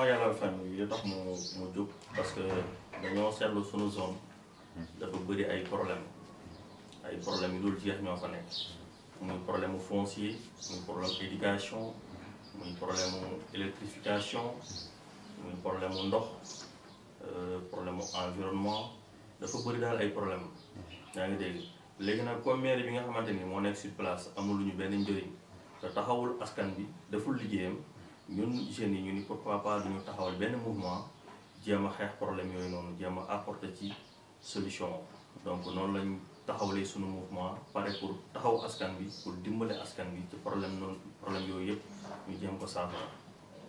waajal fan yi tax mu mu parce que dañoo seetlu suñu zone dafa bëri ay problème ay problème yu dul jeex ñoo fa problème foncier muy problème éducation muy problème électrification muy problème ndox euh, problème environnement dafa bëri daal ay problèmes. yaa ngi dégg léegi nag comme maire bi nga xamante ni moo nekk sur place amul lu ñu benn njëriñ te taxawul askan bi deful liggéeyam ñun jeunes yi ñu ni pourquoi pas duñu taxawal benn mouvement jéem a xeex problème yooyu noonu jéem a apporter ci solution donc noonu lañ taxawalee suñu mouvement pare pour taxaw askan bi pour dimbale askan bi ci problème noonu problème yooyu yëpp ñu jéem ko saafara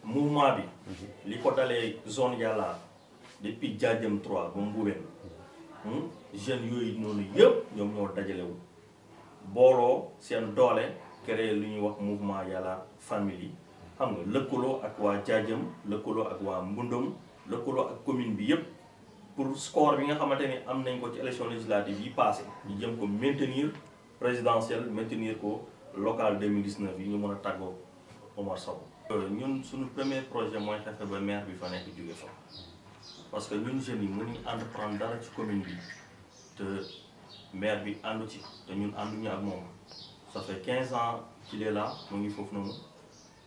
mouvement bi mhm. li ko dalee zone yàlla depuis Diadième 3 ba Mbourène hmm, jeunes yooyu noonu yëpp ñoom ñoo dajalewu booloo seen doole créer li ñu wax mouvement yàlla famille yi xam nga lëkkaloo ak waa Jaajëm lëkkaloo ak waa Mbundum lëkkaloo ak commune bi yëpp pour score bi nga xamante ni am nañ ko ci élection législative yi passé ñu jëm ko maintenir présidentielle maintenir ko local 2019 yi ñu mën a tàggoo Omar Sow euh, ñun suñu premier projet mooy fexe ba maire bi fa nekk jóge fa parce que ñun jeunes yi mënuñu entreprendre dara ci commune bi te maire bi àndu ci te ñun ànduñu ak moom ça fait 15 ans qu'il est là mu ngi foofu noonu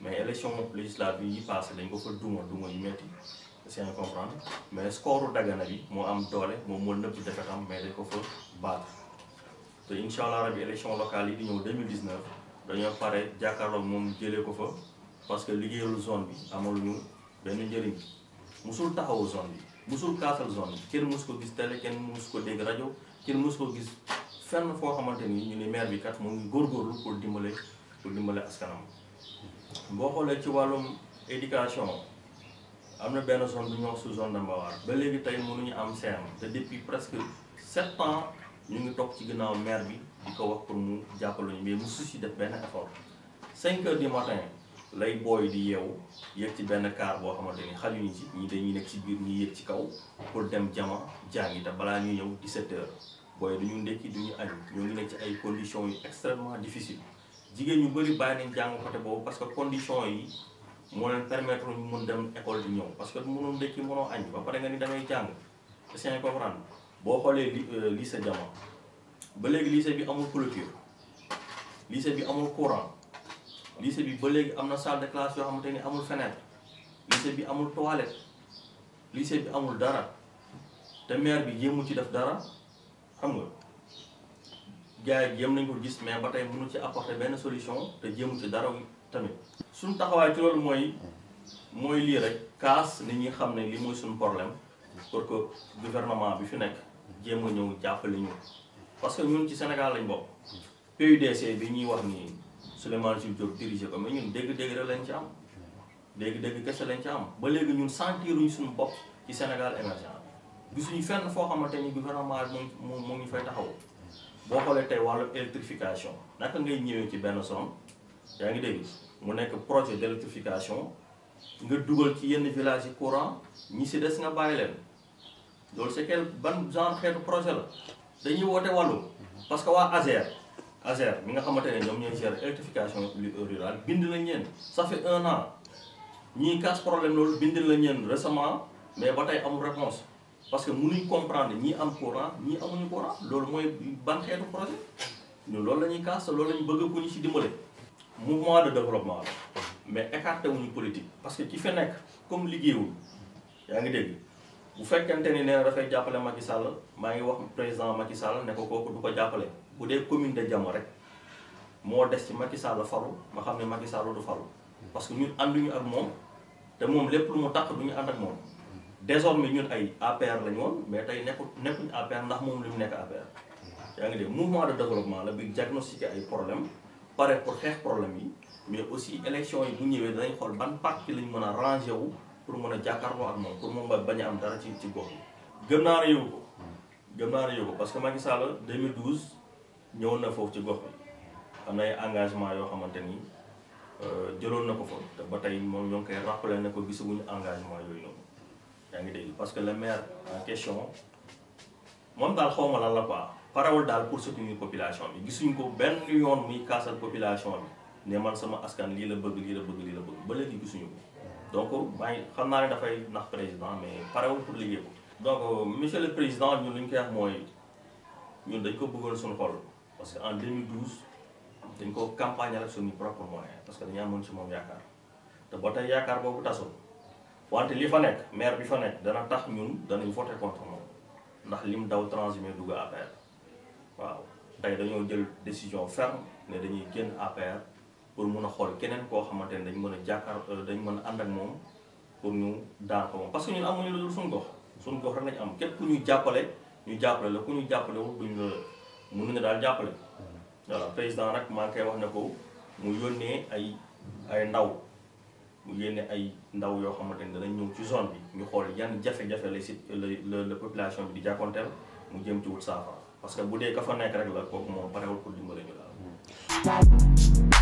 mais élection législative yi passé dañ ko fa duma duma yu metti c'est comprendre mais score Dagana bi moo am doole moom moo nëbb dafa xam mais dañ ko fa battre te incha allah rabi élection locale yi di ñëw 2019 dañoo pare jàkkaarloo moom jëlee ko fa parce que liggéeyalu zone bi ñu benn njëriñ musul taxawu zone bi musul kaasal zone bi kenn mus ko gis télé kenn mus ko dégg rajo kenn mus ko gis fenn foo xamante ni ñu ni maire bi kat mu góor góorgóorlu pour dimbale pour dimbale askanam boo xoolee ci wàllum éducation am na benn zone bu ñuy su sous zone de Mbawar ba léegi tey mënuñu am CM te depuis presque sept ans ñu ngi toog ci ginnaaw maire bi di ko wax pour mu jàppale ñu mais mu susi def benn effort cinq heures du matin lay booy di yeewu yëg ci benn kaar boo xamante ni xal yu ñu ci ñi dañuy nekk ci biir ñi yëg ci kaw pour dem jama jàngi te balaa ñuy ñëw 17 heures booy du ñu ndekki du ñu añ ñoo ngi nekk ci ay conditions yu extrêmement difficile jigéen ñu bëri bàyyi nañ jàng côté boobu parce que condition yi moo leen permettre ñu mun dem école di ñëw parce que mënoon ndekki mënoo añ ba pare nga ni damay jàng c'est incompréhensible boo xoolee euh, lycée jamono ba léegi lycée bi amul clôture lycée bi amul courant lycée bi ba léegi am na salle de classe yoo xamante ni amul fenêtre lycée bi amul toilette lycée bi amul dara te maire bi jéemu ci def dara xam nga. gars yi jéem nañ ko gis mais ba tey munu ci apporter benn solution te jëm ci dara tamit suñu taxawaay ci loolu mooy mooy lii rek kaas nit ñi xam ne li mooy suñ problème pour que gouvernement bi fi nekk jéem a ñëw jàppale ñu parce que ñun ci Sénégal lañ bokk PUDC bi ñuy wax ni Souleymane Jules Diop dirigé ko ma ñun dégg-dégg rek ci am dégg-dégg kese lañ ci am ba léegi ñun sentiruñ suñu bopp ci Sénégal émergent gisuñu fenn foo xamante ni gouvernement bi moom moom ñu fay taxaw boo xoolee tey wàllu électrification naka ngay ñëwee ci benn son yaa ngi dégg mu nekk projet d' électrification nga dugal ci yenn village yi courant ñi si des nga bàyyi leen loolu c'est quel ban genre xeetu projet la dañuy woote wàllu parce que waa ASER ASER mi nga xamante ne ñoom ñooy gérer électrification rural bind na ñeen ça fait un an ñii casse problème loolu bind na ñeen récemment mais ba tey amul réponse parce que mënuñ comprendre ñii am courant ñii amuñu courant loolu mooy ban xeetu projet ñun loolu la ñuy kaas loolu la ñu bëgg ku ñu ci dimbale. mouvement de développement la mais écarté wuñu politique parce que ki fi nekk comme liggéeyul yaa ngi dégg bu fekkente ni nee dafay jàppale Macky Sall maa ngi wax président Macky Sall ne ko kooku du ko jàppale bu dee commune de Diama rek moo des ci Macky Sall faru ma xam ne Macky Sall du faru parce que ñun ànduñu ak moom te moom lépp lu mu tax du ñu ànd ak moom. mi ñun ay APR lañu woon mais tey nekku nekkuñ APR ndax moom lu mu nekk APR yaa ngi dégg mouvement de développement la bi diagnostiqué ay problème pare pour xeex problème yi mais aussi élection yi bu ñëwee danañ xool ban parti lañ mën a rangé wu pour mën a jàkkaarloo ak moom pour moom bañ a am dara ci ci gox bi gëm naa ko gëm naa ne yóbbu ko parce que Macky Sall 2012 ñëwoon na foofu ci gox bi am na ay engagement yoo xamante ni euh, jëloon na ko fa te ba tey moom ñoo ngi koy rappelé ne ko gisaguñu engagement yooyu noonu yaa ngi dégg parce que le maire en question moom daal xaw ma la quoi parawul daal pour soutenir population bi gisuñ ko benn yoon muy kaasal population bi ne man sama askan lii la bëgg lii la bëgg lii la bëgg ba léegi gisuñu ko donc maa xam naa ne dafay nax président mais parawul pour liggéey ko. donc monsieur le président ñun li koy wax mooy ñun dañ ko bëggoon suñu xol parce que en 2012 dañ ko campagne ak suñu propre moyen parce que dañu amoon ci moom te ba tey yaakaar boobu tasul. wante li fa nekk maire bi fa nekk dana tax ñun danañ foote contre moom ndax lim daw transhumé dugg APR waaw tey dañoo jël décision ferme ne dañuy génn APR pour mun a xool keneen koo xamante ne dañ mën a jàkkaar euh, dañ mën a ànd ak moom pour ñu daan ko moom parce ñun amuñu lu dul suñu gox suñu gox rek lañ am képp ku ñu jàppale ñu jàppale la ku ñu jàppale wu duñ la mënuñu daal jàppale mm-hmm. voilà président rek maa ngi koy wax ne ko mu yónnee ay ay ndaw mu yénne ay ndaw yoo xamante ne danañ ñëw ci zone bi ñu xool yan jafe-jafe la si la la population bi di jàkkoonteel mu jëm ci wut saafara parce que bu dee ka fa nekk rek la kooku moom parewul pour dimbali ñu daal hmm.